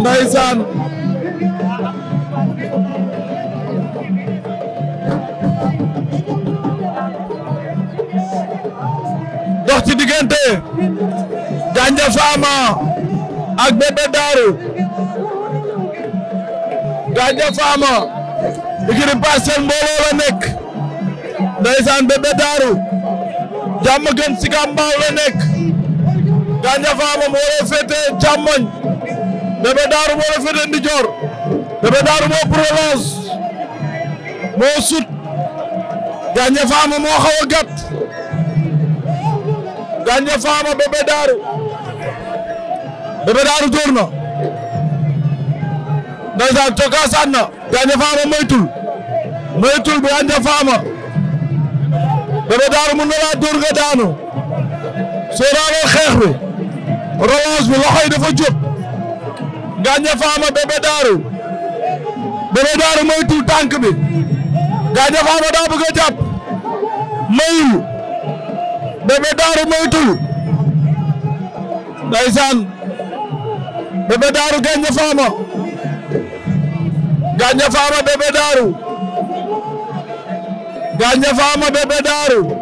Ndeysaan dox ci diggante Gandia Fama ak Bébé Darou Gandia Fama ikiri parcelle mbooloo la nekk Ndeysaan Bébé Darou jàmm gën si gàmbaaw la nekk Gandia Fama moo la féetee càmmoñ Bébé Daaru moo la féetee ndijoor Bébé Daaru moo prolonge moo sut Gandia Fama moo xaw a gàtt Gandia Fama Bébé Daaru Bébé Daaru dóor na ndeysaan cokkaasaan na Gandia moytul moytul bu Gandia Fama Bébé Daaru mën na laa dóor nga daanu sóoraaloo xeex bi gauche bi loxo yi dafa jóg. Gandia Fama Bébé Darou. Bébé Darou moytu bi. Gandia Fama daa bëgg a jàpp. mayul. Bébé Darou moytu. Ndeysaan. Bébé Darou Gandia Fama. Gandia Fama Bébé Darou. Gandia Fama Bébé Darou.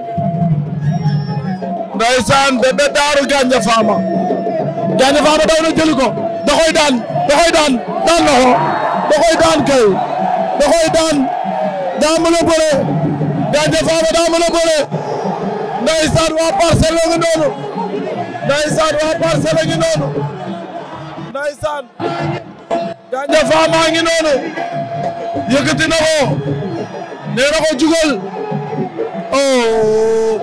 Ndeysaan Bébé Darou Gandia Fama. Gandia Fama daw na jëli ko da daan da daan daan na ko daan kay da koy daan daa mën a bëre Gandia Fama daa mën a bëre ndeysaan waa parcelle la ngi noonu ndeysaan waa parcelle la ngi noonu ndeysaan ngi noonu yëkkati na nee na jugal oh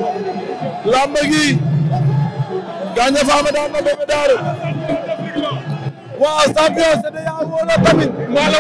lamba gi Gandia Fama daan na Bébé Daaro waaw champion c'est de yaa wala tamit